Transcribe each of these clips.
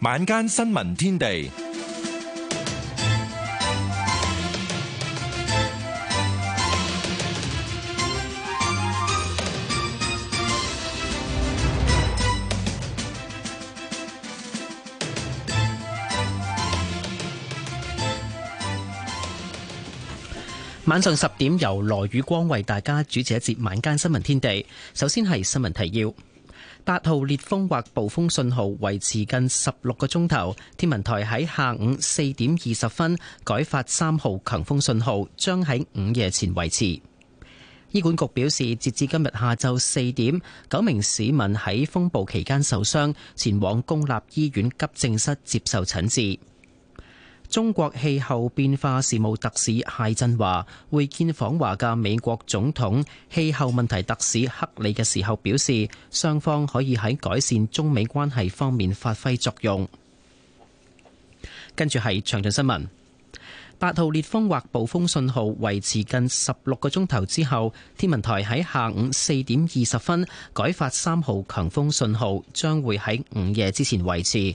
晚間新聞天地。晚上十點，由羅宇光為大家主持一節晚間新聞天地。首先係新聞提要。八號烈風或暴風信號維持近十六個鐘頭，天文台喺下午四點二十分改發三號強風信號，將喺午夜前維持。醫管局表示，截至今日下晝四點，九名市民喺風暴期間受傷，前往公立醫院急症室接受診治。中國氣候變化事務特使謝振華會見訪華嘅美國總統氣候問題特使克里嘅時候，表示雙方可以喺改善中美關係方面發揮作用。跟住係詳盡新聞，八號烈風或暴風信號維持近十六個鐘頭之後，天文台喺下午四點二十分改發三號強風信號，將會喺午夜之前維持。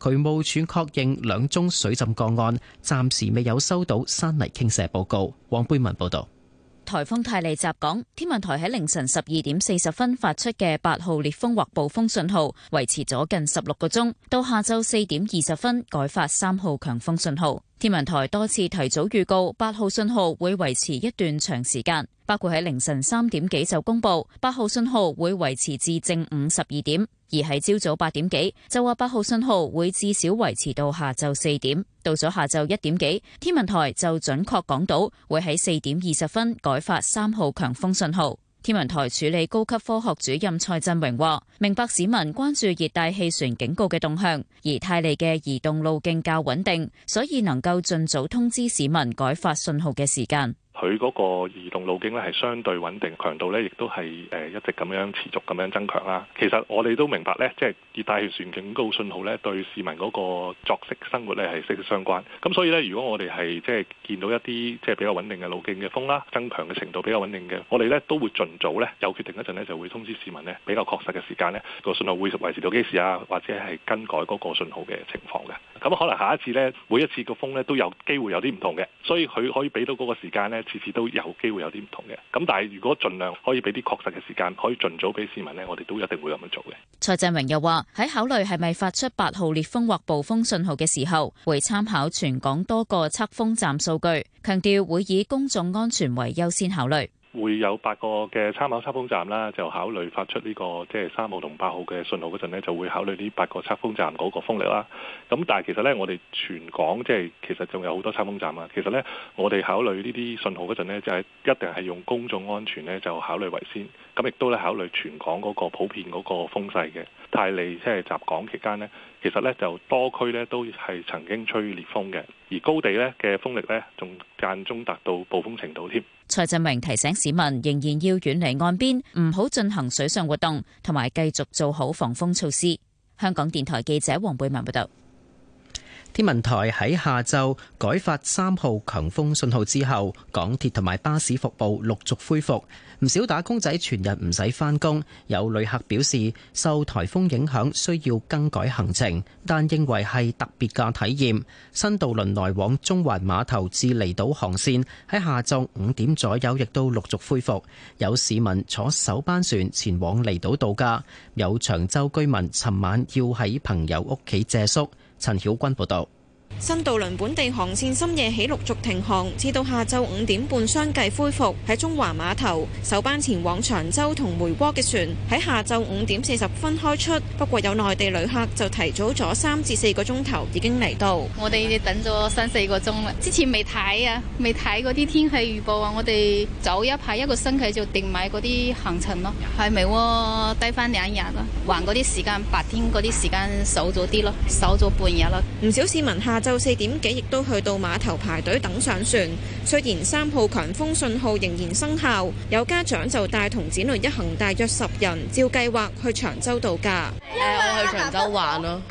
渠務處確認兩宗水浸個案，暫時未有收到山泥傾瀉報告。黃貝文報導，颱風泰利襲港，天文台喺凌晨十二點四十分發出嘅八號烈風或暴風信號，維持咗近十六個鐘，到下晝四點二十分改發三號強風信號。天文台多次提早預告八號信號會維持一段長時間，包括喺凌晨三點幾就公佈八號信號會維持至正午十二點，而喺朝早八點幾就話八號信號會至少維持到下晝四點。到咗下晝一點幾，天文台就準確講到會喺四點二十分改發三號強風信號。天文台署理高級科學主任蔡振榮話，明白市民關注熱帶氣旋警告嘅動向，而泰利嘅移動路徑較穩定，所以能夠盡早通知市民改發信號嘅時間。佢嗰個移動路徑咧係相對穩定，強度咧亦都係誒一直咁樣持續咁樣增強啦。其實我哋都明白咧，即係熱帶氣旋警告信號咧，對市民嗰個作息生活咧係息息相關，咁所以咧，如果我哋係即係見到一啲即係比較穩定嘅路徑嘅風啦，增強嘅程度比較穩定嘅，我哋咧都會盡早咧有決定一陣咧就會通知市民咧比較確實嘅時間咧個信號會維持到幾時啊，或者係更改嗰個信號嘅情況嘅。咁可能下一次咧，每一次個風咧都有機會有啲唔同嘅，所以佢可以俾到嗰個時間咧。次次都有機會有啲唔同嘅，咁但係如果盡量可以俾啲確實嘅時間，可以盡早俾市民呢，我哋都一定會咁樣做嘅。蔡振榮又話：喺考慮係咪發出八號烈風或暴風信號嘅時候，會參考全港多個測風站數據，強調會以公眾安全為優先考慮。會有八個嘅參考測風站啦，就考慮發出呢個即係三號同八號嘅信號嗰陣咧，就會考慮呢八個測風站嗰個風力啦。咁但係其實呢，我哋全港即係其實仲有好多測風站啊。其實呢，我哋考慮呢啲信號嗰陣咧，就係一定係用公眾安全呢，就考慮為先。咁亦都咧考慮全港嗰個普遍嗰個風勢嘅。泰利即係襲港期間呢。其實咧就多區咧都係曾經吹烈風嘅，而高地咧嘅風力咧仲間中達到暴風程度添。蔡振明提醒市民仍然要遠離岸邊，唔好進行水上活動，同埋繼續做好防風措施。香港電台記者黃貝文報道。天文台喺下晝改發三號強風信號之後，港鐵同埋巴士服務陸續恢復，唔少打工仔全日唔使翻工。有旅客表示受台風影響需要更改行程，但認為係特別嘅體驗。新渡輪來往中環碼頭至離島航線喺下晝五點左右亦都陸續恢復，有市民坐首班船前往離島度假，有長洲居民尋晚要喺朋友屋企借宿。陳曉君報道。新渡輪本地航線深夜起陸續停航，至到下晝五點半相繼恢復。喺中華碼頭，首班前往長洲同梅窩嘅船喺下晝五點四十分開出。不過有內地旅客就提早咗三至四個鐘頭已經嚟到。我哋等咗三四個鐘啦，之前未睇啊，未睇嗰啲天氣預報啊。我哋走一排一個星期就定埋嗰啲行程咯。係咪喎？低翻兩日咯，還嗰啲時間白天嗰啲時間少咗啲咯，少咗半日咯。唔少市民下，就四點幾，亦都去到碼頭排隊等上船。雖然三號強風信號仍然生效，有家長就帶同子女一行大約十人，照計劃去長洲度假。誒、欸，我去長洲玩咯。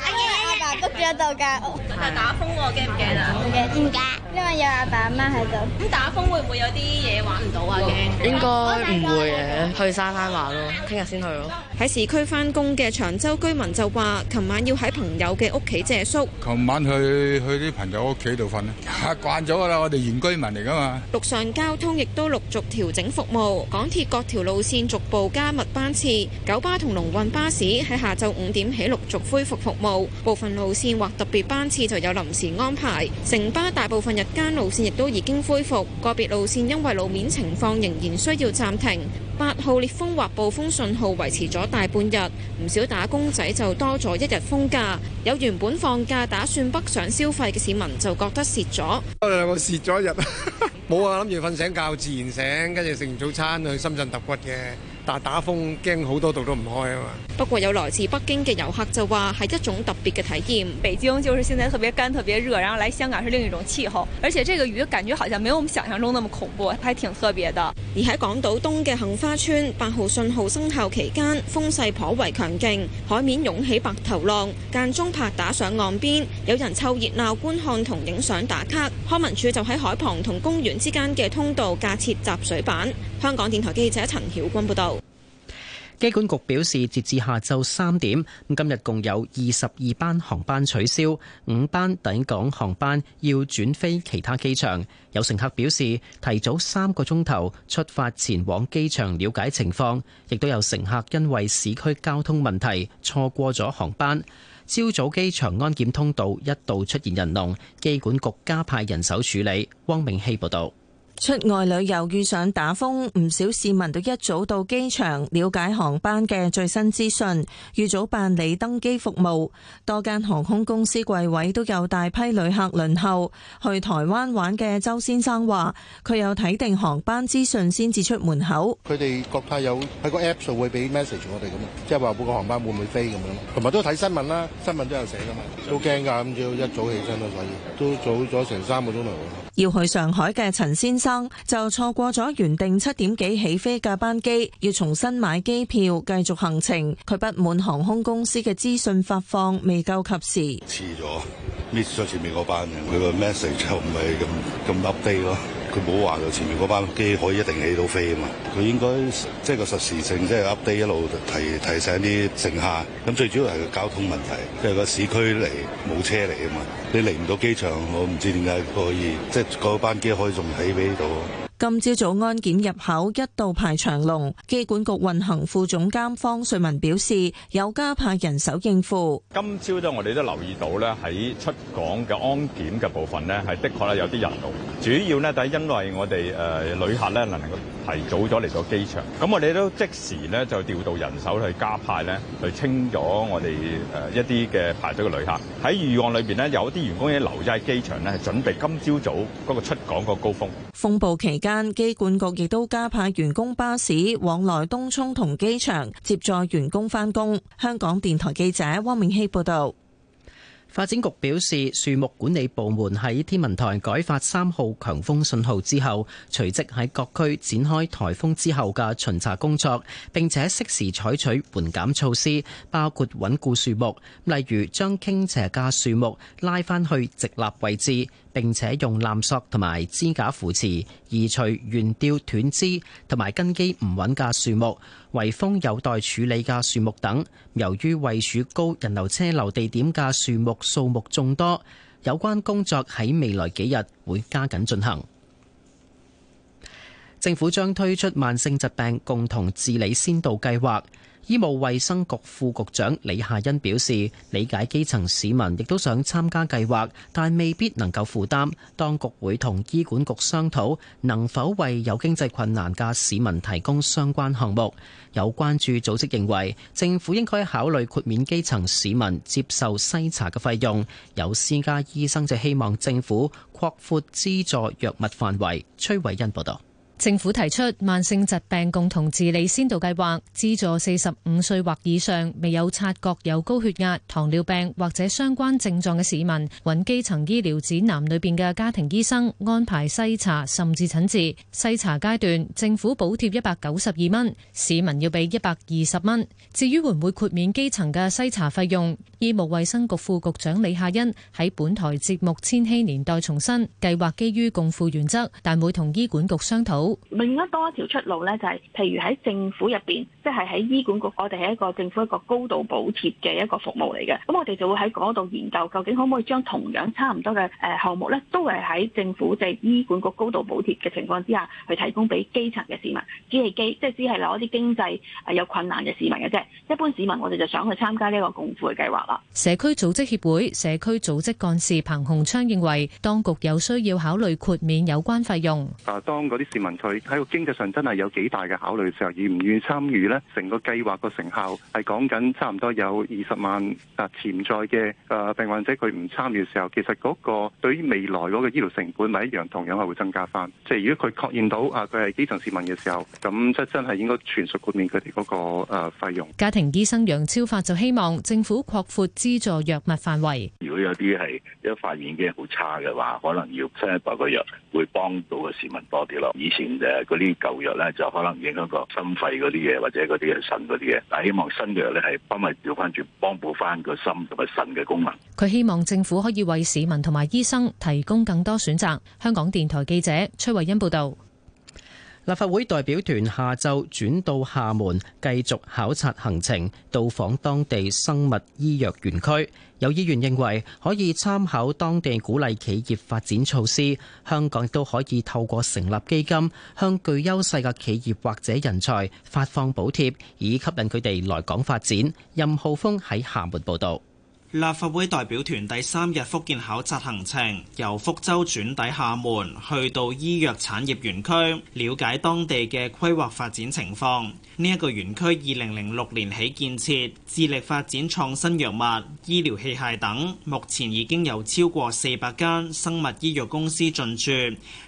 喺度噶，今日打風喎，驚唔驚啊？唔驚，唔驚，因為有阿爸阿媽喺度。咁打風會唔會有啲嘢玩唔到啊？驚？應該唔會嘅，去沙灘玩咯。聽日先去咯。喺市區翻工嘅長洲居民就話，琴晚要喺朋友嘅屋企借宿。琴晚去去啲朋友屋企度瞓啊！慣咗噶啦，我哋原居民嚟噶嘛。陸上交通亦都陸續調整服務，港鐵各條路線逐步加密班次，九巴同龍運巴士喺下晝五點起陸續恢復服務，部分路路線或特別班次就有臨時安排，城巴大部分日間路線亦都已經恢復，個別路線因為路面情況仍然需要暫停。八號烈風或暴風信號維持咗大半日，唔少打工仔就多咗一日風假，有原本放假打算北上消費嘅市民就覺得蝕咗。我蝕咗一日，冇啊，諗住瞓醒覺自然醒，跟住食完早餐去深圳揼骨嘅。但打風驚好多度都唔開啊嘛！不過有來自北京嘅遊客就話係一種特別嘅體驗。北京就是現在特別乾，特別熱，然後來香港是另一種氣候，而且這個雨感覺好像沒有我們想象中那麼恐怖，還挺特別的。而喺港島東嘅杏花邨，八號信號生效期間，風勢頗為強勁，海面湧起白頭浪，間中拍打上岸邊，有人湊熱鬧觀看同影相打卡。康文署就喺海旁同公園之間嘅通道架設集水板。香港電台記者陳曉君報導。機管局表示，截至下晝三點，今日共有二十二班航班取消，五班抵港航班要轉飛其他機場。有乘客表示提早三個鐘頭出發前往機場了解情況，亦都有乘客因為市區交通問題錯過咗航班。朝早機場安檢通道一度出現人龍，機管局加派人手處理。汪明熙報道。出外旅遊遇上打風，唔少市民都一早到機場了解航班嘅最新資訊，預早辦理登機服務。多間航空公司櫃位都有大批旅客輪候。去台灣玩嘅周先生話，佢有睇定航班資訊先至出門口。佢哋國泰有喺個 app 上會俾 message 我哋咁，即係話每個航班會唔會飛咁樣。同埋都睇新聞啦，新聞都有寫噶嘛，都驚噶，咁朝一早起身啦，所以都早咗成三個鐘頭。要去上海嘅陳先生，就錯過咗原定七點幾起飛嘅班機，要重新買機票繼續行程。佢不滿航空公司嘅資訊發放未夠及時，遲咗，miss 咗前面嗰班人。佢個 message 又唔係咁咁 update 咯。佢冇話嘅，前面嗰班機可以一定起到飛啊嘛。佢應該即係個實時性，即係 update 一路提提醒啲乘客。咁最主要係個交通問題，即係個市區嚟冇車嚟啊嘛。你嚟唔到機場，我唔知點解可以，即係嗰班機可以仲起飛到。今朝早安檢入口一度排長龍，機管局運行副總監方瑞文表示，有加派人手應付。今朝都我哋都留意到咧，喺出港嘅安檢嘅部分咧，係的確咧有啲人龍，主要咧就係因為我哋誒、呃、旅客咧能夠提早咗嚟到機場，咁我哋都即時咧就調度人手去加派咧，去清咗我哋誒一啲嘅排隊嘅旅客。喺預案裏邊咧，有啲員工已經留咗喺機場咧，係準備今朝早個出港個高峰，風暴期間。機管局亦都加派員工巴士往來東涌同機場，接載員工返工。香港電台記者汪明希報道。發展局表示，樹木管理部門喺天文台改發三號強風信號之後，隨即喺各區展開台風之後嘅巡查工作，並且適時採取緩減措施，包括穩固樹木，例如將傾斜嘅樹木拉返去直立位置。並且用纜索同埋支架扶持，移除原吊斷枝同埋根基唔穩嘅樹木，圍封有待處理嘅樹木等。由於位處高人流車流地點嘅樹木數目眾多，有關工作喺未來幾日會加緊進行。政府將推出慢性疾病共同治理先導計劃。醫務衛生局副局長李夏茵表示，理解基層市民亦都想參加計劃，但未必能夠負擔。當局會同醫管局商討，能否為有經濟困難嘅市民提供相關項目。有關注組織認為，政府應該考慮豁免基層市民接受篩查嘅費用。有私家醫生就希望政府擴闊資助藥物範圍。崔偉恩報道。政府提出慢性疾病共同治理先導計劃，資助四十五歲或以上未有察覺有高血壓、糖尿病或者相關症狀嘅市民，揾基層醫療指南裏邊嘅家庭醫生安排篩查甚至診治。篩查階段政府補貼一百九十二蚊，市民要俾一百二十蚊。至於會唔會豁免基層嘅篩查費用，醫務衛生局副局長李夏茵喺本台節目《千禧年代》重申，計劃基於共負原則，但會同醫管局商討。另一多一條出路咧，就係、是、譬如喺政府入邊。即係喺醫管局，我哋係一個政府一個高度補貼嘅一個服務嚟嘅。咁我哋就會喺嗰度研究，究竟可唔可以將同樣差唔多嘅誒項目咧，都係喺政府即係醫管局高度補貼嘅情況之下，去提供俾基層嘅市民，只係基，即係只係攞啲經濟誒有困難嘅市民嘅啫。一般市民，我哋就想去參加呢個共付嘅計劃啦。社區組織協會社區組織幹事彭洪昌認為，當局有需要考慮豁免有關費用。啊當嗰啲市民佢喺個經濟上真係有幾大嘅考慮時候，願唔願參與咧？成個計劃個成效係講緊差唔多有二十萬啊潛在嘅誒病患者，佢唔參與嘅時候，其實嗰個對於未來嗰個醫療成本咪一樣同樣係會增加翻。即係如果佢確認到啊佢係基層市民嘅時候，咁即係真係應該全數豁免佢哋嗰個誒費用。家庭醫生楊超發就希望政府擴闊資助藥物範圍。如果有啲係一發現嘅好差嘅話，可能要新一代嘅藥會幫到嘅市民多啲咯。以前嘅嗰啲舊藥咧，就可能影響個心肺嗰啲嘢或者，嗰啲嘅腎嗰啲嘢，但希望新藥咧係幫佢調翻轉，幫補翻個心同埋腎嘅功能。佢希望政府可以為市民同埋醫生提供更多選擇。香港電台記者崔慧欣報道。立法會代表團下晝轉到廈門繼續考察行程，到訪當地生物醫藥園區。有議員認為可以參考當地鼓勵企業發展措施，香港都可以透過成立基金，向具優勢嘅企業或者人才發放補貼，以吸引佢哋來港發展。任浩峰喺廈門報導。立法會代表團第三日福建考察行程，由福州轉抵廈門，去到醫藥產業園區，了解當地嘅規劃發展情況。呢一個園區二零零六年起建設，致力發展創新藥物、醫療器械等。目前已經有超過四百間生物醫藥公司進駐，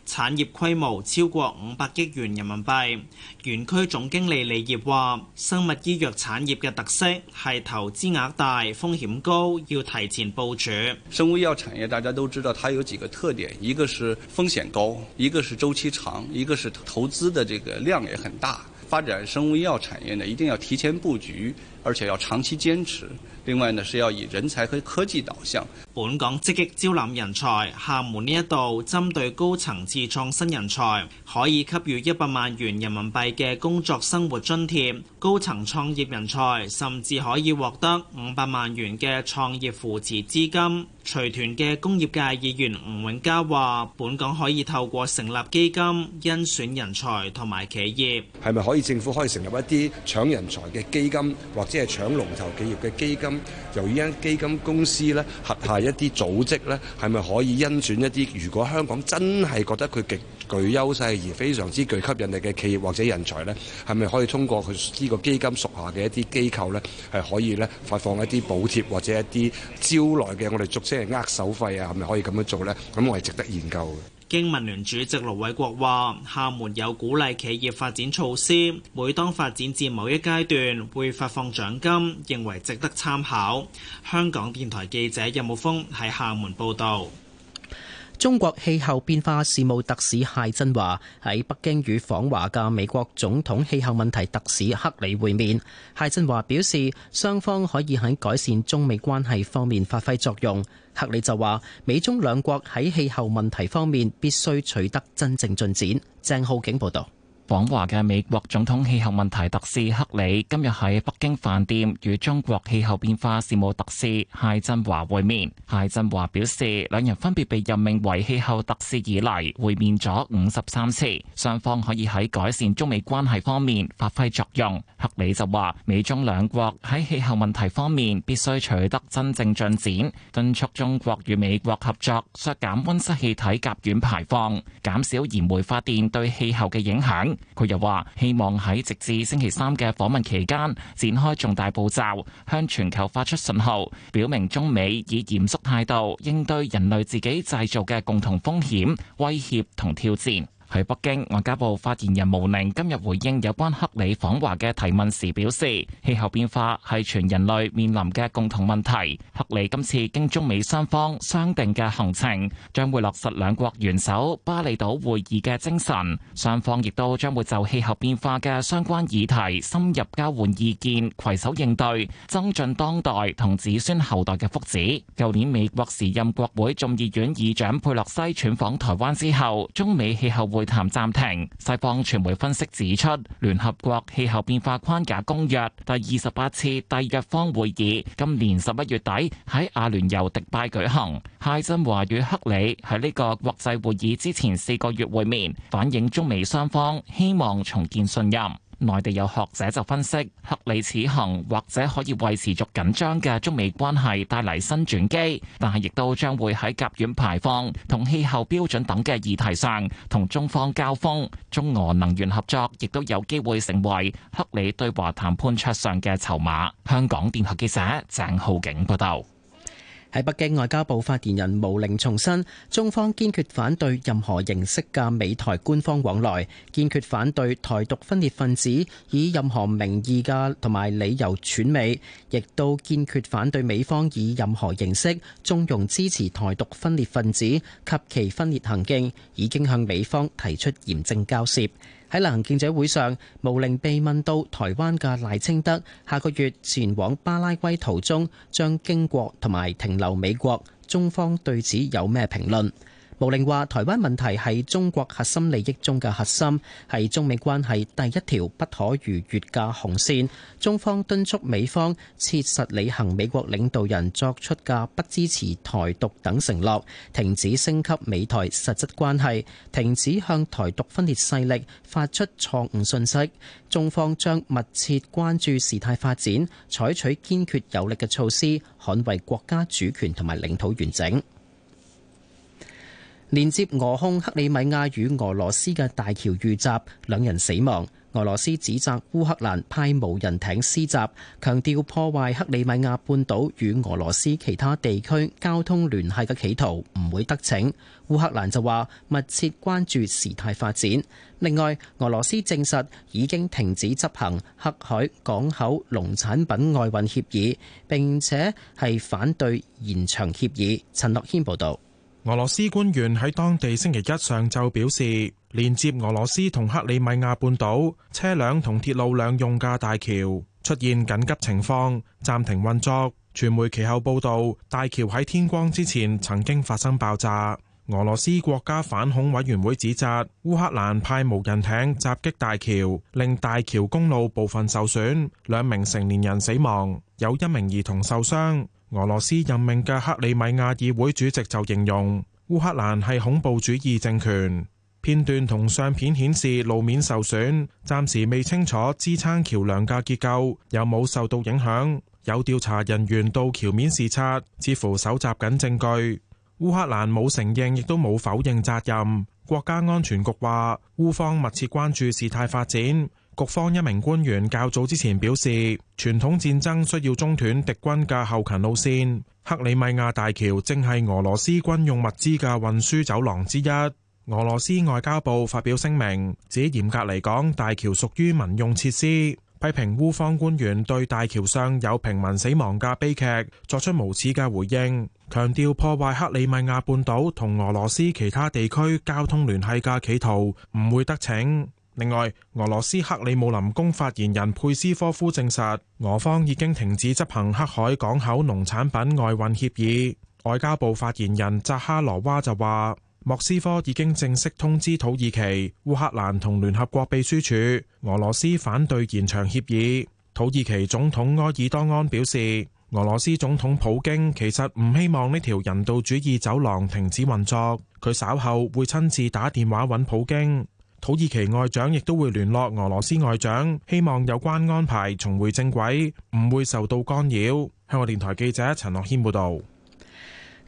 產業規模超過五百億元人民幣。園區總經理李業話，生物醫藥產業嘅特色係投資額大、風險高，要提前部署。生物醫藥產業大家都知道，它有幾個特點，一個是風險高，一個是周期長，一個是投資的這個量也很大。發展生物醫藥產業呢，一定要提前布局，而且要長期堅持。另外呢，是要以人才和科技導向。本港積極招攬人才，廈門呢一度針對高層次創新人才可以給予一百萬元人民幣嘅工作生活津貼，高層創業人才甚至可以獲得五百萬元嘅創業扶持資金。隨團嘅工業界議員吳永嘉話，本港可以透過成立基金，甄選人才同埋企業，係咪可以政府可以成立一啲搶人才嘅基金，或者係搶龍頭企業嘅基金，由依間基金公司呢轄下一啲組織呢，係咪可以甄選一啲？如果香港真係覺得佢極。具優勢而非常之具吸引力嘅企業或者人才咧，係咪可以通過佢呢個基金屬下嘅一啲機構咧，係可以咧發放一啲補貼或者一啲招來嘅我哋俗稱係握手費啊，係咪可以咁樣做咧？咁我係值得研究嘅。經民聯主席盧偉國話，廈門有鼓勵企業發展措施，每當發展至某一階段會發放獎金，認為值得參考。香港電台記者任武峰喺廈門報道。中國氣候變化事務特使謝振華喺北京與訪華嘅美國總統氣候問題特使克里會面。謝振華表示，雙方可以喺改善中美關係方面發揮作用。克里就話，美中兩國喺氣候問題方面必須取得真正進展。鄭浩景報道。訪華嘅美國總統氣候問題特使克里今日喺北京飯店與中國氣候變化事務特使解振華會面。解振華表示，兩人分別被任命為氣候特使以嚟，會面咗五十三次，雙方可以喺改善中美關係方面發揮作用。克里就話，美中兩國喺氣候問題方面必須取得真正進展，敦促中國與美國合作削減温室氣體甲烷排放，減少燃煤發電對氣候嘅影響。佢又話，希望喺直至星期三嘅訪問期間，展開重大步驟，向全球發出信號，表明中美以嚴肅態度應對人類自己製造嘅共同風險、威脅同挑戰。喺北京，外交部發言人毛寧今日回應有關克里訪華嘅提問時表示，氣候變化係全人類面臨嘅共同問題。克里今次經中美雙方商定嘅行程，將會落實兩國元首巴厘島會議嘅精神，雙方亦都將會就氣候變化嘅相關議題深入交換意見，攜手應對，增進當代同子孫後代嘅福祉。舊年美國時任國會眾議院議長佩洛西竄訪台灣之後，中美氣候會談暫停。西方傳媒分析指出，聯合國氣候變化框架公約第二十八次締約方會議今年十一月底喺阿聯酋迪拜舉行。解振華與克里喺呢個國際會議之前四個月會面，反映中美雙方希望重建信任。內地有學者就分析，克里此行或者可以為持續緊張嘅中美關係帶嚟新轉機，但係亦都將會喺甲烷排放同氣候標準等嘅議題上同中方交鋒。中俄能源合作亦都有機會成為克里對華談判桌上嘅籌碼。香港電台記者鄭浩景報道。喺北京外交部發言人毛寧重申，中方堅決反對任何形式嘅美台官方往來，堅決反對台獨分裂分子以任何名義嘅同埋理由竄美，亦都堅決反對美方以任何形式縱容支持台獨分裂分子及其分裂行徑，已經向美方提出嚴正交涉。喺例行記者會上，毛寧被問到台灣嘅賴清德下個月前往巴拉圭途中將經過同埋停留美國，中方對此有咩評論？毛寧話：台灣問題係中國核心利益中嘅核心，係中美關係第一條不可逾越嘅紅線。中方敦促美方切實履行美國領導人作出嘅不支持台獨等承諾，停止升級美台實質關係，停止向台獨分裂勢力發出錯誤信息。中方將密切關注事態發展，採取堅決有力嘅措施，捍衛國家主權同埋領土完整。連接俄控克里米亞與俄羅斯嘅大橋遇襲，兩人死亡。俄羅斯指責烏克蘭派無人艇施襲，強調破壞克里米亞半島與俄羅斯其他地區交通聯繫嘅企圖唔會得逞。烏克蘭就話密切關注事態發展。另外，俄羅斯證實已經停止執行黑海港口農產品外運協議，並且係反對延長協議。陳樂謙報導。俄羅斯官員喺當地星期一上晝表示，連接俄羅斯同克里米亞半島車輛同鐵路兩用架大橋出現緊急情況，暫停運作。傳媒其後報道，大橋喺天光之前曾經發生爆炸。俄羅斯國家反恐委員會指責烏克蘭派無人艇襲擊大橋，令大橋公路部分受損，兩名成年人死亡，有一名兒童受傷。俄羅斯任命嘅克里米亞議會主席就形容烏克蘭係恐怖主義政權。片段同相片顯示路面受損，暫時未清楚支撐橋梁嘅結構有冇受到影響。有調查人員到橋面視察，似乎搜集緊證據。烏克蘭冇承認，亦都冇否認責任。國家安全局話烏方密切關注事態發展。局方一名官員較早之前表示，傳統戰爭需要中斷敵軍嘅後勤路線，克里米亞大橋正係俄羅斯軍用物資嘅運輸走廊之一。俄羅斯外交部發表聲明，指嚴格嚟講，大橋屬於民用設施，批評烏方官員對大橋上有平民死亡嘅悲劇作出無恥嘅回應，強調破壞克里米亞半島同俄羅斯其他地區交通聯繫嘅企圖，唔會得逞。另外，俄羅斯克里姆林宮發言人佩斯科夫證實，俄方已經停止執行黑海港口農產品外運協議。外交部發言人扎哈羅娃就話：莫斯科已經正式通知土耳其、烏克蘭同聯合國秘書處，俄羅斯反對延長協議。土耳其總統埃爾多安表示，俄羅斯總統普京其實唔希望呢條人道主義走廊停止運作，佢稍後會親自打電話揾普京。土耳其外長亦都會聯絡俄羅斯外長，希望有關安排重回正軌，唔會受到干擾。香港電台記者陳樂欣報道。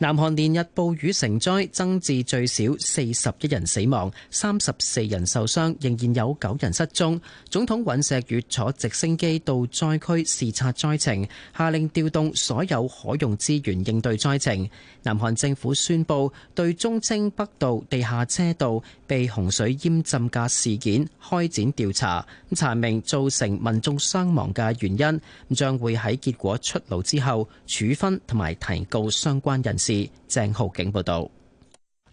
南韓連日暴雨成災，增至最少四十一人死亡、三十四人受傷，仍然有九人失蹤。總統尹錫悅坐直升機到災區視察災情，下令調動所有可用資源應對災情。南韓政府宣布對忠清北道地下車道被洪水淹浸嘅事件開展調查，查明造成民眾傷亡嘅原因，將會喺結果出爐之後處分同埋提告相關人士。鄭浩景報道。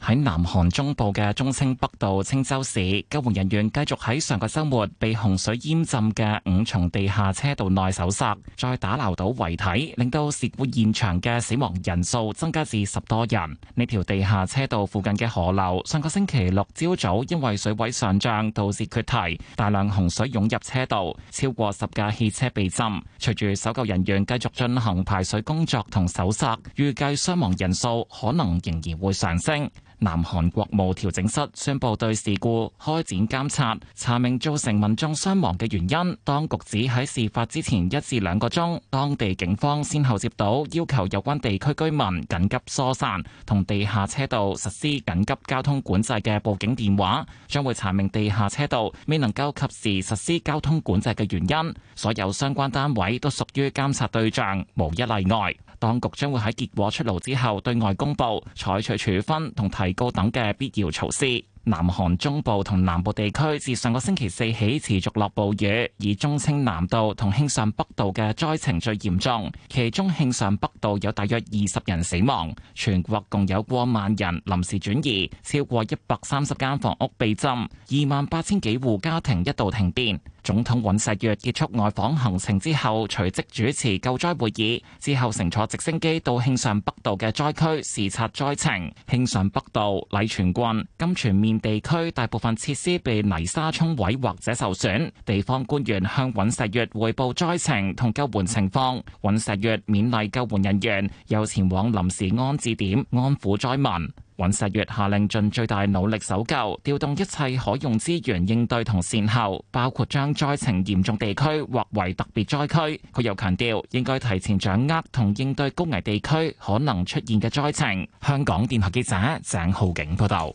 喺南韓中部嘅中青北道清州市，救援人員繼續喺上個周末被洪水淹浸嘅五重地下車道內搜索，再打撈到遺體，令到事故現場嘅死亡人數增加至十多人。呢條地下車道附近嘅河流上個星期六朝早因為水位上漲導致決堤，大量洪水湧入車道，超過十架汽車被浸。隨住搜救人員繼續進行排水工作同搜索，預計傷亡人數可能仍然會上升。南韓國務調整室宣布對事故開展監察，查明造成民眾傷亡嘅原因。當局指喺事發之前一至兩個鐘，當地警方先後接到要求有關地區居民緊急疏散同地下車道實施緊急交通管制嘅報警電話，將會查明地下車道未能夠及時實施交通管制嘅原因。所有相關單位都屬於監察對象，無一例外。當局將會喺結果出爐之後對外公佈，採取處分同提高等嘅必要措施。南韓中部同南部地區自上個星期四起持續落暴雨，以忠清南道同慶尚北道嘅災情最嚴重，其中慶尚北道有大約二十人死亡，全國共有過萬人臨時轉移，超過一百三十間房屋被浸，二萬八千幾戶家庭一度停電。總統尹錫悅結束外訪行程之後，隨即主持救災會議，之後乘坐直升機到慶尚北道嘅災區視察災情。慶尚北道禮泉郡金泉面地區大部分設施被泥沙沖毀或者受損，地方官員向尹錫悅匯報災情同救援情況。尹錫悅勉勵救援人員，又前往臨時安置點安撫災民。尹錫悅下令盡最大努力搜救，調動一切可用資源應對同善後，包括將災情嚴重地區劃為特別災區。佢又強調，應該提前掌握同應對高危地區可能出現嘅災情。香港電台記者鄭浩景報道。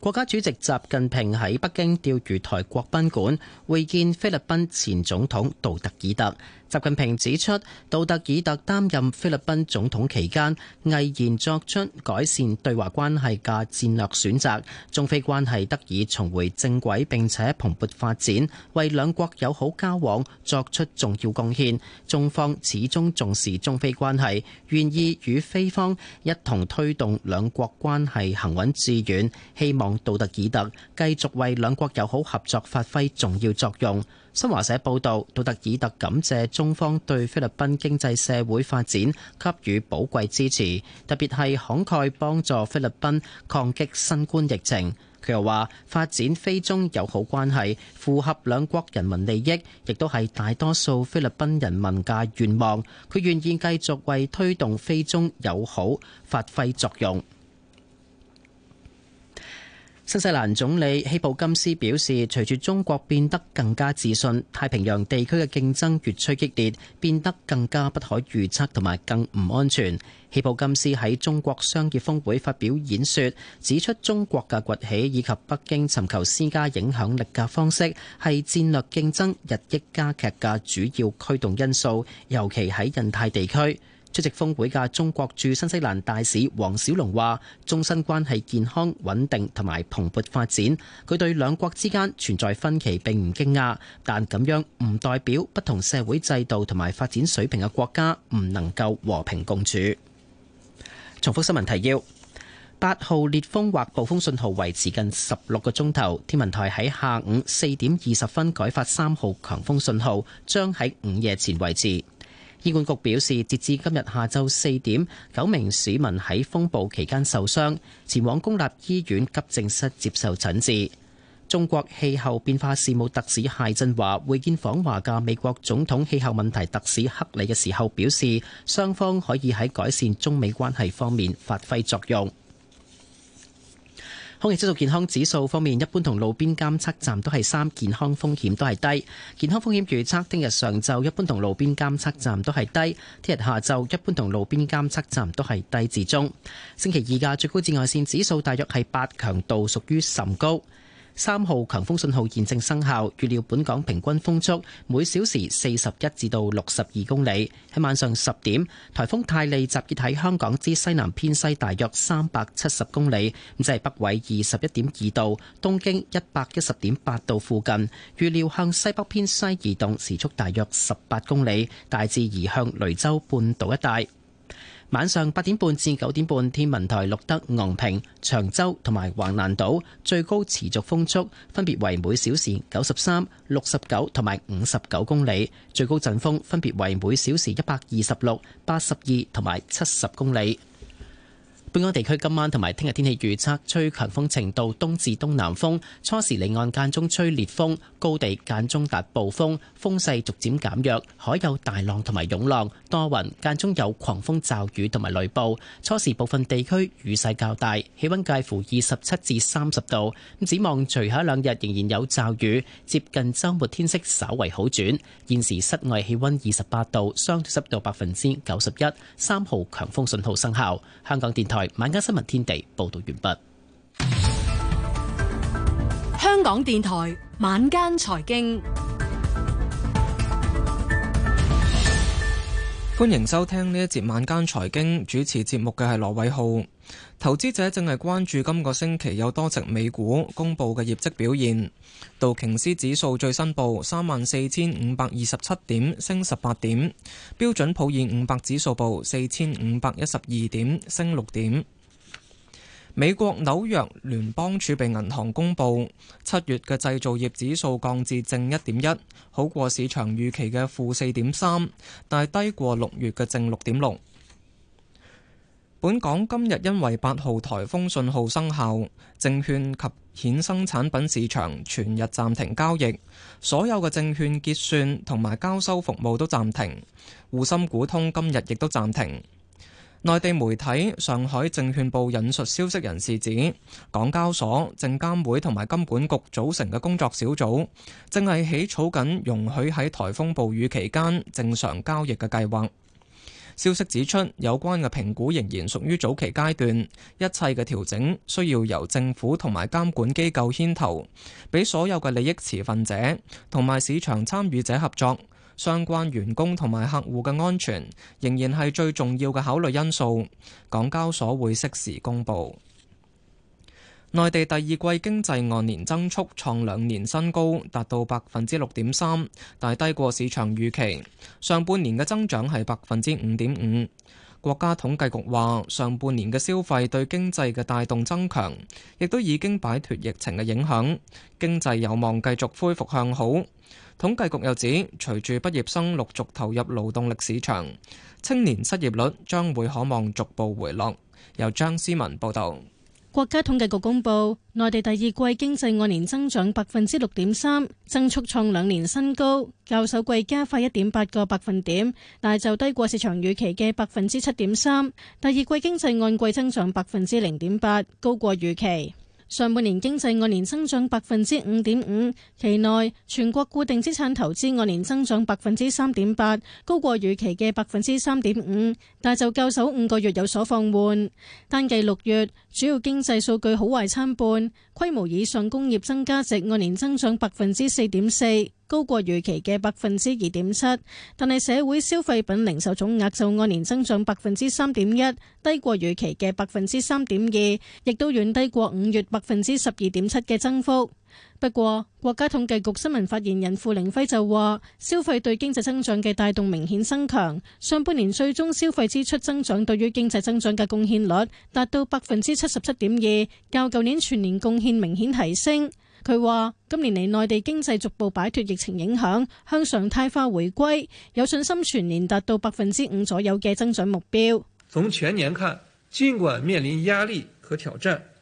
國家主席習近平喺北京釣魚台國賓館會見菲律賓前總統杜特爾特。習近平指出，杜特爾特擔任菲律賓總統期間，毅然作出改善對華關係嘅戰略選擇，中菲關係得以重回正軌並且蓬勃發展，為兩國友好交往作出重要貢獻。中方始終重視中菲關係，願意與菲方一同推動兩國關係行穩致遠，希望杜特爾特繼續為兩國友好合作發揮重要作用。新華社報道，杜特爾特感謝中方對菲律賓經濟社會發展給予寶貴支持，特別係慷慨幫助菲律賓抗擊新冠疫情。佢又話，發展菲中友好關係符合兩國人民利益，亦都係大多數菲律賓人民嘅願望。佢願意繼續為推動菲中友好發揮作用。新西蘭總理希普金斯表示，隨住中國變得更加自信，太平洋地區嘅競爭越趨激烈，變得更加不可預測同埋更唔安全。希普金斯喺中國商業峰會發表演說，指出中國嘅崛起以及北京尋求施加影響力嘅方式，係戰略競爭日益加劇嘅主要驅動因素，尤其喺印太地區。出席峰會嘅中國駐新西蘭大使王小龍話：中新關係健康穩定同埋蓬勃發展。佢對兩國之間存在分歧並唔驚訝，但咁樣唔代表不同社會制度同埋發展水平嘅國家唔能夠和平共處。重複新聞提要：八號烈風或暴風信號維持近十六個鐘頭。天文台喺下午四點二十分改發三號強風信號，將喺午夜前維持。。醫管局表示，截至今日下晝四點，九名市民喺風暴期間受傷，前往公立醫院急症室接受診治。中國氣候變化事務特使解振華會見訪華嘅美國總統氣候問題特使克里嘅時候表示，雙方可以喺改善中美關係方面發揮作用。空氣質素健康指數方面，一般同路邊監測站都係三，健康風險都係低。健康風險預測，聽日上晝一般同路邊監測站都係低，聽日下晝一般同路邊監測站都係低至中。星期二嘅最高紫外線指數大約係八，強度屬於甚高。三號強風信號現正生效，預料本港平均風速每小時四十一至到六十二公里。喺晚上十點，颱風泰利集結喺香港之西南偏西大約三百七十公里，咁即係北緯二十一點二度、東經一百一十點八度附近。預料向西北偏西移動，時速大約十八公里，大致移向雷州半島一帶。晚上八點半至九點半，天文台錄得昂平、長洲同埋橫瀾島最高持續風速分別為每小時九十三、六十九同埋五十九公里，最高陣風分別為每小時一百二十六、八十二同埋七十公里。本港地區今晚同埋聽日天氣預測，吹強風程度東至東南風，初時離岸間中吹烈風，高地間中達暴風，風勢逐漸減弱，海有大浪同埋湧浪，多雲間中有狂風驟雨同埋雷暴，初時部分地區雨勢較大，氣溫介乎二十七至三十度。咁展望，隨後兩日仍然有驟雨，接近周末天色稍為好轉，現時室外氣溫二十八度，相對濕度百分之九十一，三號強風信號生效。香港電台。晚間新聞天地報道完畢。香港電台晚間財經， 歡迎收聽呢一節晚間財經主持節目嘅係羅偉浩。投資者正係關注今個星期有多隻美股公布嘅業績表現。道瓊斯指數最新報三萬四千五百二十七點，升十八點。標準普爾五百指數報四千五百一十二點，升六點。美國紐約聯邦儲備銀行公布七月嘅製造業指數降至正一點一，好過市場預期嘅負四點三，但係低過六月嘅正六點六。本港今日因為八號颱風信號生效，證券及衍生產品市場全日暫停交易，所有嘅證券結算同埋交收服務都暫停。滬深股通今日亦都暫停。內地媒體上海證券報引述消息人士指，港交所、證監會同埋金管局組成嘅工作小組，正係起草緊容許喺颱風暴雨期間正常交易嘅計劃。消息指出，有關嘅評估仍然屬於早期階段，一切嘅調整需要由政府同埋監管機構牽頭，俾所有嘅利益持份者同埋市場參與者合作。相關員工同埋客戶嘅安全仍然係最重要嘅考慮因素。港交所會適時公布。內地第二季經濟按年增速創兩年新高，達到百分之六點三，但低過市場預期。上半年嘅增長係百分之五點五。國家統計局話，上半年嘅消費對經濟嘅帶動增強，亦都已經擺脱疫情嘅影響，經濟有望繼續恢復向好。統計局又指，隨住畢業生陸續投入勞動力市場，青年失業率將會可望逐步回落。由張思文報導。國家統計局公佈，內地第二季經濟按年增長百分之六點三，增速創兩年新高，較首季加快一點八個百分點，但就低過市場預期嘅百分之七點三。第二季經濟按季增長百分之零點八，高過預期。上半年經濟按年增長百分之五點五，期內全國固定資產投資按年增長百分之三點八，高過預期嘅百分之三點五，但就較首五個月有所放緩。單計六月，主要經濟數據好壞參半。規模以上工業增加值按年增長百分之四點四，高過預期嘅百分之二點七，但係社會消費品零售總額就按年增長百分之三點一，低過預期嘅百分之三點二，亦都遠低過五月百分之十二點七嘅增幅。不過，國家統計局新聞發言人付凌暉就話，消費對經濟增長嘅帶動明顯增強，上半年最終消費支出增長對於經濟增長嘅貢獻率達到百分之七十七點二，較舊年全年貢獻明顯提升。佢話今年嚟內地經濟逐步擺脫疫情影響，向常態化回歸，有信心全年達到百分之五左右嘅增長目標。從全年看，儘管面臨壓力和挑戰。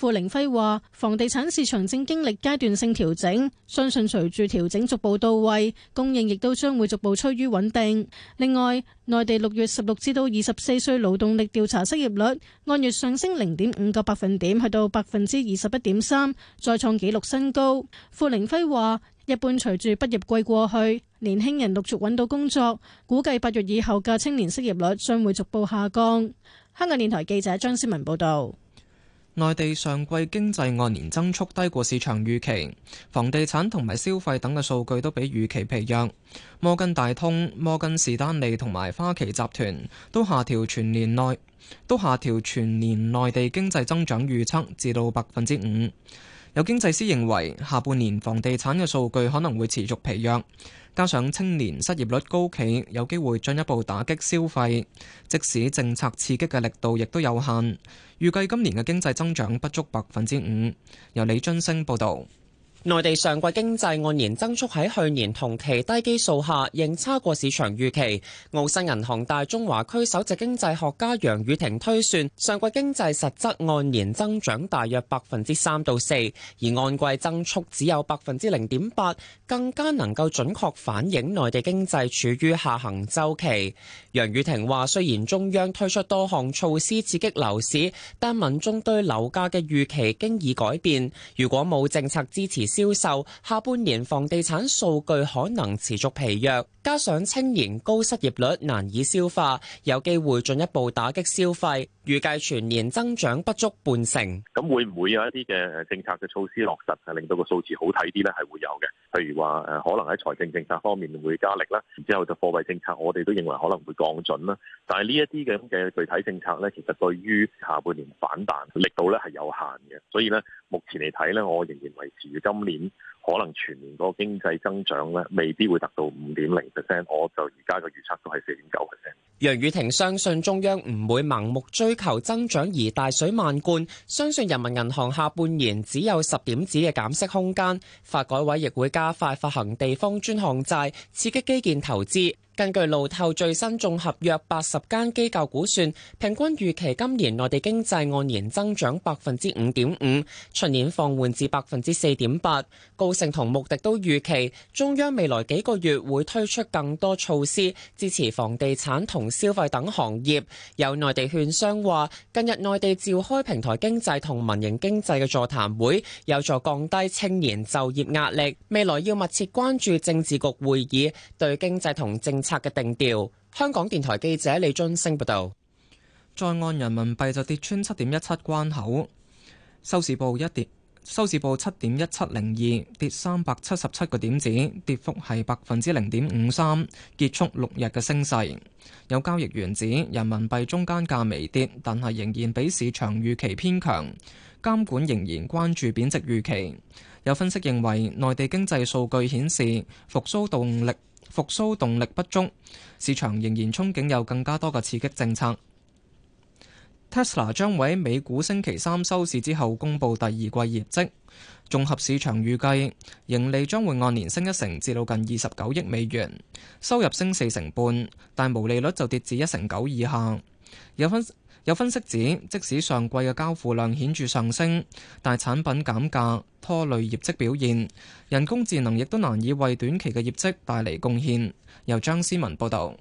傅凌輝話，房地產市場正經歷階段性調整，相信隨住調整逐步到位，供應亦都將會逐步趨於穩定。另外，內地六月十六至到二十四歲勞動力調查失業率按月上升零點五個百分點，去到百分之二十一點三，再創紀錄新高。傅凌輝話，一般隨住畢業季過去，年輕人陸續揾到工作，估計八月以後嘅青年失業率將會逐步下降。香港電台記者張思文報道。內地上季經濟按年增速低過市場預期，房地產同埋消費等嘅數據都比預期疲弱。摩根大通、摩根士丹利同埋花旗集團都下調全年內都下調全年內地經濟增長預測至到百分之五。有經濟師認為，下半年房地產嘅數據可能會持續疲弱。加上青年失業率高企，有機會進一步打擊消費。即使政策刺激嘅力度亦都有限，預計今年嘅經濟增長不足百分之五。由李津升報導。內地上季經濟按年增速喺去年同期低基數下，仍差過市場預期。澳新銀行大中華區首席經濟學家楊雨婷推算，上季經濟實質按年增長大約百分之三到四，而按季增速只有百分之零點八，更加能夠準確反映內地經濟處於下行周期。楊雨婷話：雖然中央推出多項措施刺激樓市，但民眾對樓價嘅預期經已改變。如果冇政策支持，銷售下半年房地產數據可能持續疲弱，加上青年高失業率難以消化，有機會進一步打擊消費。預計全年增長不足半成。咁會唔會有一啲嘅政策嘅措施落實，係令到個數字好睇啲咧？係會有嘅。譬如話誒，可能喺財政政策方面會加力啦，然之後就貨幣政策，我哋都認為可能會降準啦。但係呢一啲咁嘅具體政策咧，其實對於下半年反彈力度咧係有限嘅，所以咧。目前嚟睇咧，我仍然維持住今年，可能全年嗰個經濟增長咧，未必會達到五點零 percent，我就而家嘅預測都係四點九 percent。楊雨婷相信中央唔會盲目追求增長而大水漫灌，相信人民銀行下半年只有十點子嘅減息空間。發改委亦會加快發行地方專項債，刺激基建投資。根據路透最新綜合約八十間機構估算，平均預期今年內地經濟按年增長百分之五點五，全年放緩至百分之四點八。高寶盛同穆迪都預期中央未來幾個月會推出更多措施支持房地產同消費等行業。有內地券商話，近日內地召開平台經濟同民營經濟嘅座談會，有助降低青年就業壓力。未來要密切關注政治局會議對經濟同政策嘅定調。香港電台記者李津升報道：「在岸人民幣就跌穿七點一七關口，收市報一跌。收市報七點一七零二，跌三百七十七個點子，跌幅係百分之零點五三，結束六日嘅升勢。有交易員指，人民幣中間價微跌，但係仍然比市場預期偏強。監管仍然關注貶值預期。有分析認為，內地經濟數據顯示復甦動力復甦動力不足，市場仍然憧憬有更加多嘅刺激政策。Tesla 將會喺美股星期三收市之後公布第二季業績，綜合市場預計盈利將會按年升一成，至到近二十九億美元，收入升四成半，但毛利率就跌至一成九以下。有分有分析指，即使上季嘅交付量顯著上升，但產品減價拖累業績表現，人工智能亦都難以為短期嘅業績帶嚟貢獻。由張思文報導。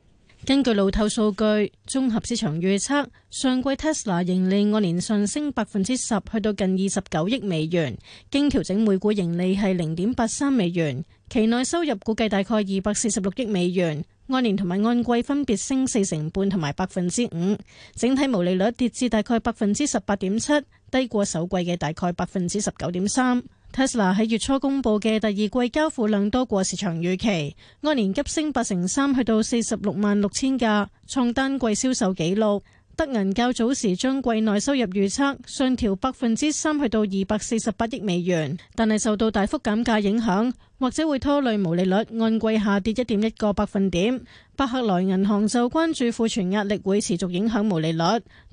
根據路透數據，綜合市場預測，上季 Tesla 盈利按年上升百分之十，去到近二十九億美元，經調整每股盈利係零點八三美元。期內收入估計大概二百四十六億美元，按年同埋按季分別升四成半同埋百分之五，整體毛利率跌至大概百分之十八點七，低過首季嘅大概百分之十九點三。Tesla 喺月初公布嘅第二季交付量多過市場預期，按年急升八成三，去到四十六萬六千架，創單季銷售紀錄。德銀較早時將季內收入預測上調百分之三，去到二百四十八億美元，但係受到大幅減價影響，或者會拖累毛利率按季下跌一點一個百分點。巴克萊銀行就關注庫存壓力會持續影響毛利率。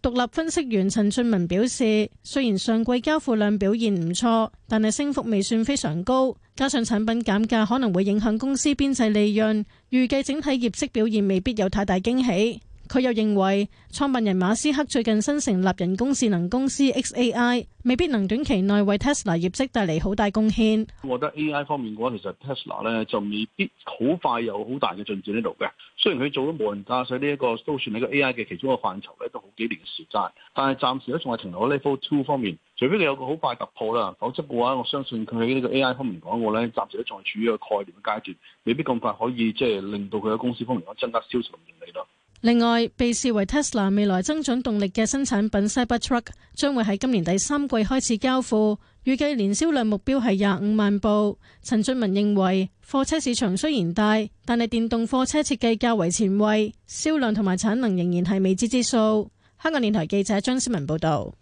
獨立分析員陳俊文表示，雖然上季交付量表現唔錯，但係升幅未算非常高，加上產品減價可能會影響公司邊際利潤，預計整體業績表現未必有太大驚喜。佢又認為創辦人馬斯克最近新成立人工智能公司 XAI，未必能短期內為 Tesla 業績帶嚟好大貢獻。我覺得 AI 方面嘅話，其實 Tesla 咧就未必好快有好大嘅進展喺度嘅。雖然佢做咗無人駕駛呢、這個、一個都算係個 AI 嘅其中一個範疇咧，都好幾年嘅時間。但係暫時都仲係停留喺 Level Two 方面，除非你有個好快突破啦，否則嘅話，我相信佢喺呢個 AI 方面講嘅咧，暫時都仲係處於一個概念嘅階段，未必咁快可以即係、就是、令到佢嘅公司方面講增加銷售同盈利咯。另外，被視為 Tesla 未來增長動力嘅新產品 Cybertruck 將會喺今年第三季開始交付，預計年銷量目標係廿五萬部。陳俊文認為，貨車市場雖然大，但係電動貨車設計較為前衞，銷量同埋產能仍然係未知之數。香港電台記者張思文報道。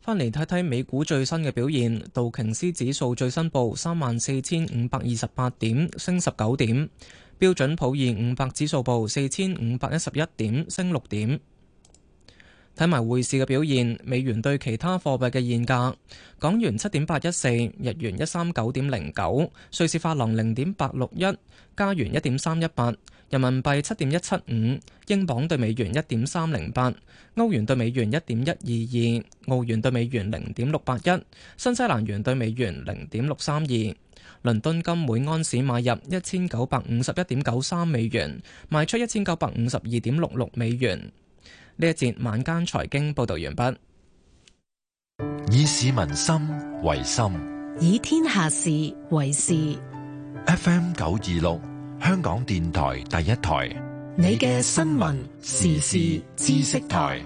翻嚟睇睇美股最新嘅表現，道瓊斯指數最新報三萬四千五百二十八點，升十九點。標準普爾五百指數報四千五百一十一點，升六點。睇埋匯市嘅表現，美元對其他貨幣嘅現價：港元七點八一四，日元一三九點零九，瑞士法郎零點八六一，加元一點三一八。人民幣七點一七五，英鎊兌美元一點三零八，歐元兌美元一點一二二，澳元兌美元零點六八一，新西蘭元兌美元零點六三二。倫敦金每安士買入一千九百五十一點九三美元，賣出一千九百五十二點六六美元。呢一節晚間財經報道完畢。以市民心為心，以天下事為事。FM 九二六。香港電台第一台，你嘅新聞時事知識台。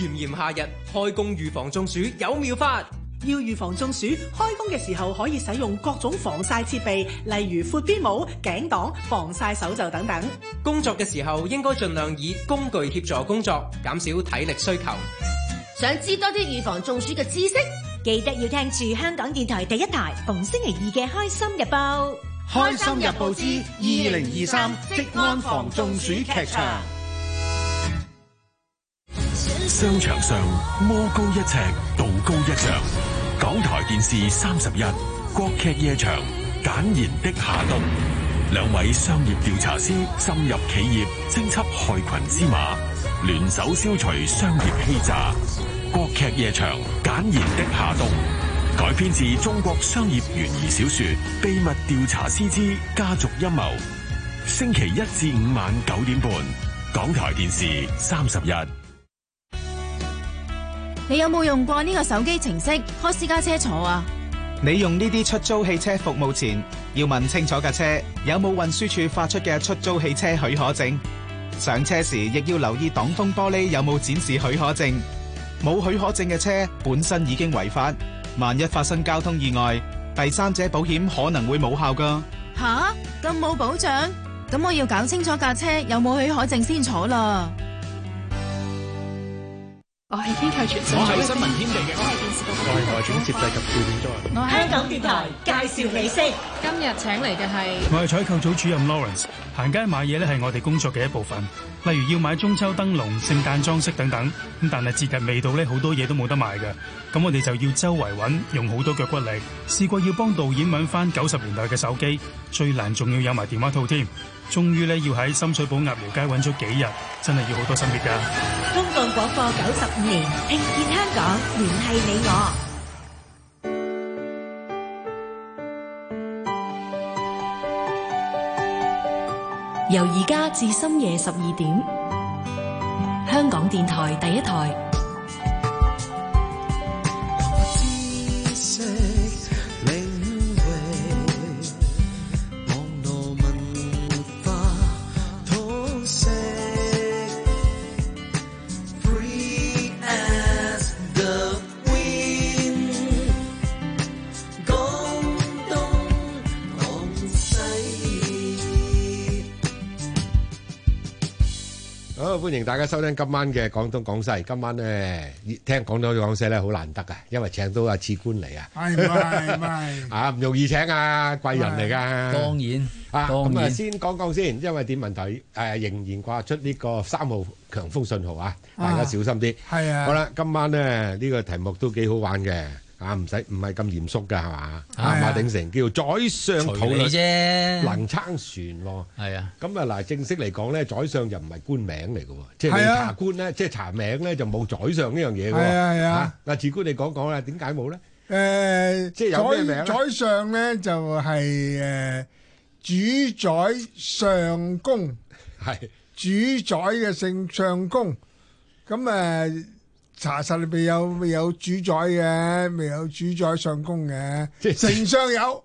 炎炎夏日開工預防中暑有妙法。要預防中暑，開工嘅時候可以使用各種防曬設備，例如闊邊帽、頸擋、防曬手袖等等。工作嘅時候應該盡量以工具協助工作，減少體力需求。想知多啲預防中暑嘅知識，記得要聽住香港電台第一台逢星期二嘅開心日報。開心日報之二零二三即安防中主劇場，商場上魔高一尺道高一丈。港台電視三十一，國劇夜場簡言的夏毒，兩位商業調查師深入企業偵緝害群之馬，聯手消除商業欺詐。國劇夜場簡言的夏毒。改編自中國商業懸疑小說《秘密調查師之家族陰謀》。星期一至五晚九點半，港台電視三十日。你有冇用過呢個手機程式開私家車坐啊？你用呢啲出租汽車服務前，要問清楚架車有冇運輸署發出嘅出租汽車許可證。上車時亦要留意擋風玻璃有冇展示許可證。冇許可證嘅車本身已經違法。萬一發生交通意外，第三者保險可能會冇效㗎。吓？咁冇保障，咁我要搞清楚架車有冇許可證先坐啦。我係編劇出身，我係新聞天地嘅，我係電視廣播同節制及調變專人，我係香港電台介紹你先。今日請嚟嘅係我係採購組主任 Lawrence。行街買嘢咧係我哋工作嘅一部分，例如要買中秋燈籠、聖誕裝飾等等。咁但係節日未到咧，好多嘢都冇得賣㗎。咁我哋就要周圍揾，用好多腳骨力。試過要幫導演揾翻九十年代嘅手機，最難仲要有埋電話套添。終於咧，要喺深水埗鴨寮街揾咗幾日，真係要好多心力㗎。公共廣播九十五年，共建香港，聯繫你我。 由而家至深夜十二點，香港電台第一台。歡迎大家收聽今晚嘅廣東廣西。今晚咧聽廣東廣西咧好難得啊，因為請到阿次官嚟啊。係咪？係咪？啊，唔容易請啊，貴人嚟㗎。當然。啊，咁啊，先講講先，因為天文台誒，仍然掛出呢個三號強風信號啊，大家小心啲。係啊。好啦，今晚咧呢個題目都幾好玩嘅。啊，唔使唔係咁嚴肅嘅係嘛？啊，馬鼎盛叫宰相肚裡啫，能撐船喎。係啊，咁啊嗱，正式嚟講咧，宰相就唔係官名嚟嘅，即係查官咧，即係查名咧就冇宰相呢樣嘢喎。係啊，嗱，治官你講講啦，點解冇咧？誒，即係有咩名咧？宰相咧就係誒主宰上公，係主宰嘅姓上公，咁誒。查實里未有未有主宰嘅，未有主宰上公嘅，即係丞相有。